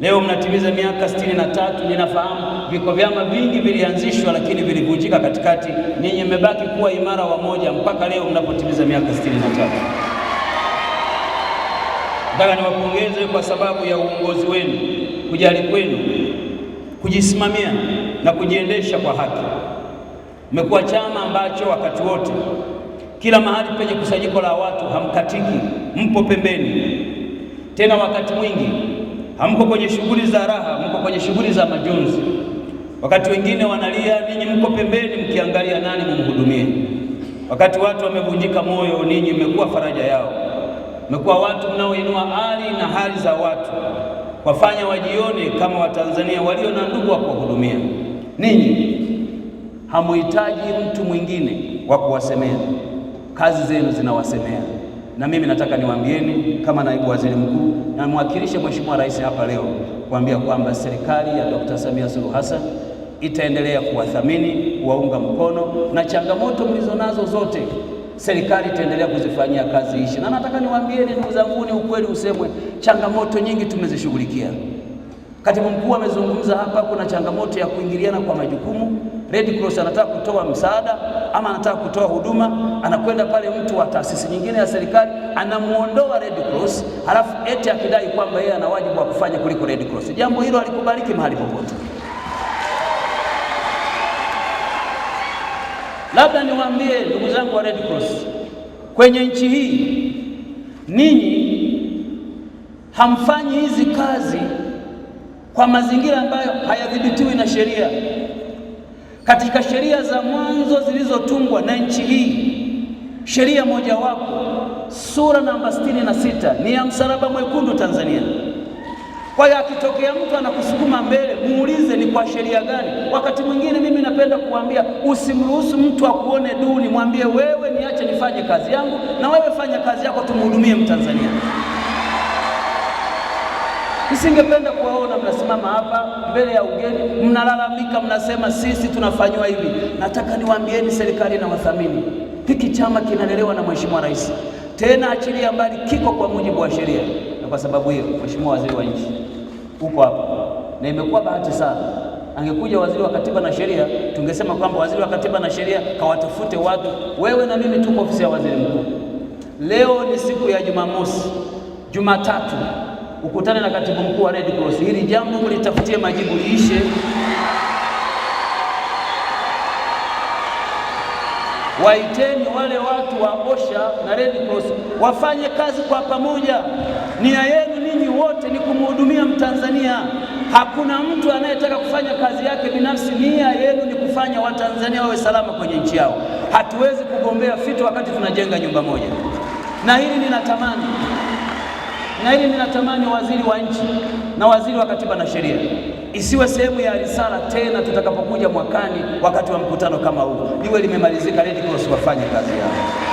Leo mnatimiza miaka sitini na tatu. Ninafahamu viko vyama vingi vilianzishwa, lakini vilivunjika katikati. Ninyi mmebaki kuwa imara wa moja mpaka leo mnapotimiza miaka sitini na tatu. Nataka niwapongeze kwa sababu ya uongozi wenu, kujali kwenu, kujisimamia na kujiendesha kwa haki. Mmekuwa chama ambacho wakati wote, kila mahali penye kusanyiko la watu, hamkatiki, mpo pembeni, tena wakati mwingi hamko kwenye shughuli za raha, mko kwenye shughuli za majonzi. Wakati wengine wanalia, ninyi mko pembeni mkiangalia nani mumhudumie. Wakati watu wamevunjika moyo, ninyi mmekuwa faraja yao, mmekuwa watu mnaoinua hali na hali za watu, wafanya wajione kama Watanzania walio na ndugu wa kuwahudumia. Ninyi hamuhitaji mtu mwingine wa kuwasemea, kazi zenu zinawasemea. Na mimi nataka niwaambieni kama naibu waziri mkuu na mwakilishe Mheshimiwa Rais hapa leo kuambia kwamba serikali ya Dr. Samia Suluhu Hassan itaendelea kuwathamini, kuwaunga mkono na changamoto mlizonazo zote serikali itaendelea kuzifanyia kazi ishi. Na nataka niwaambieni ndugu zangu, ni ukweli usemwe, changamoto nyingi tumezishughulikia. Katibu mkuu amezungumza hapa, kuna changamoto ya kuingiliana kwa majukumu. Red Cross anataka kutoa msaada ama anataka kutoa huduma, anakwenda pale mtu wa taasisi nyingine ya serikali anamuondoa Red Cross, halafu eti akidai kwamba yeye ana wajibu wa kufanya kuliko Red Cross. Jambo hilo alikubaliki mahali popote. Labda niwaambie ndugu zangu wa Red Cross, kwenye nchi hii ninyi hamfanyi hizi kazi kwa mazingira ambayo hayadhibitiwi na sheria. Katika sheria za mwanzo zilizotungwa na nchi hii, sheria mojawapo sura namba sitini na sita ni ya msalaba mwekundu Tanzania. Kwa hiyo akitokea mtu anakusukuma mbele, muulize ni kwa sheria gani. Wakati mwingine mimi napenda kuambia, usimruhusu mtu akuone duni, mwambie wewe, niache nifanye kazi yangu na wewe fanya kazi yako, tumhudumie Mtanzania. Nisingependa kuwaona mnasimama hapa mbele ya ugeni, mnalalamika, mnasema sisi tunafanywa hivi. Nataka niwaambieni serikali na wadhamini, hiki chama kinalelewa na Mheshimiwa Rais, tena achilia mbali, kiko kwa mujibu wa sheria. Na kwa sababu hiyo, Mheshimiwa Waziri wa Nchi uko hapa, na imekuwa bahati sana. Angekuja waziri wa Katiba na Sheria, tungesema kwamba waziri wa Katiba na Sheria kawatafute watu. Wewe na mimi tuko ofisi ya waziri mkuu. Leo ni siku ya Jumamosi, Jumatatu ukutane na katibu mkuu wa Red Cross, hili jambo mlitafutie majibu liishe. Waiteni wale watu wa OSHA na Red Cross wafanye kazi kwa pamoja. Nia yenu ninyi wote ni kumhudumia Mtanzania. Hakuna mtu anayetaka kufanya kazi yake binafsi. Nia yenu ni kufanya Watanzania wawe salama kwenye nchi yao. Hatuwezi kugombea fito wakati tunajenga nyumba moja, na hili ninatamani na hili ninatamani waziri wa nchi na waziri wa katiba na sheria isiwe sehemu ya risala tena, tutakapokuja mwakani wakati wa mkutano kama huu liwe limemalizika. Red Cross wafanye kazi yao.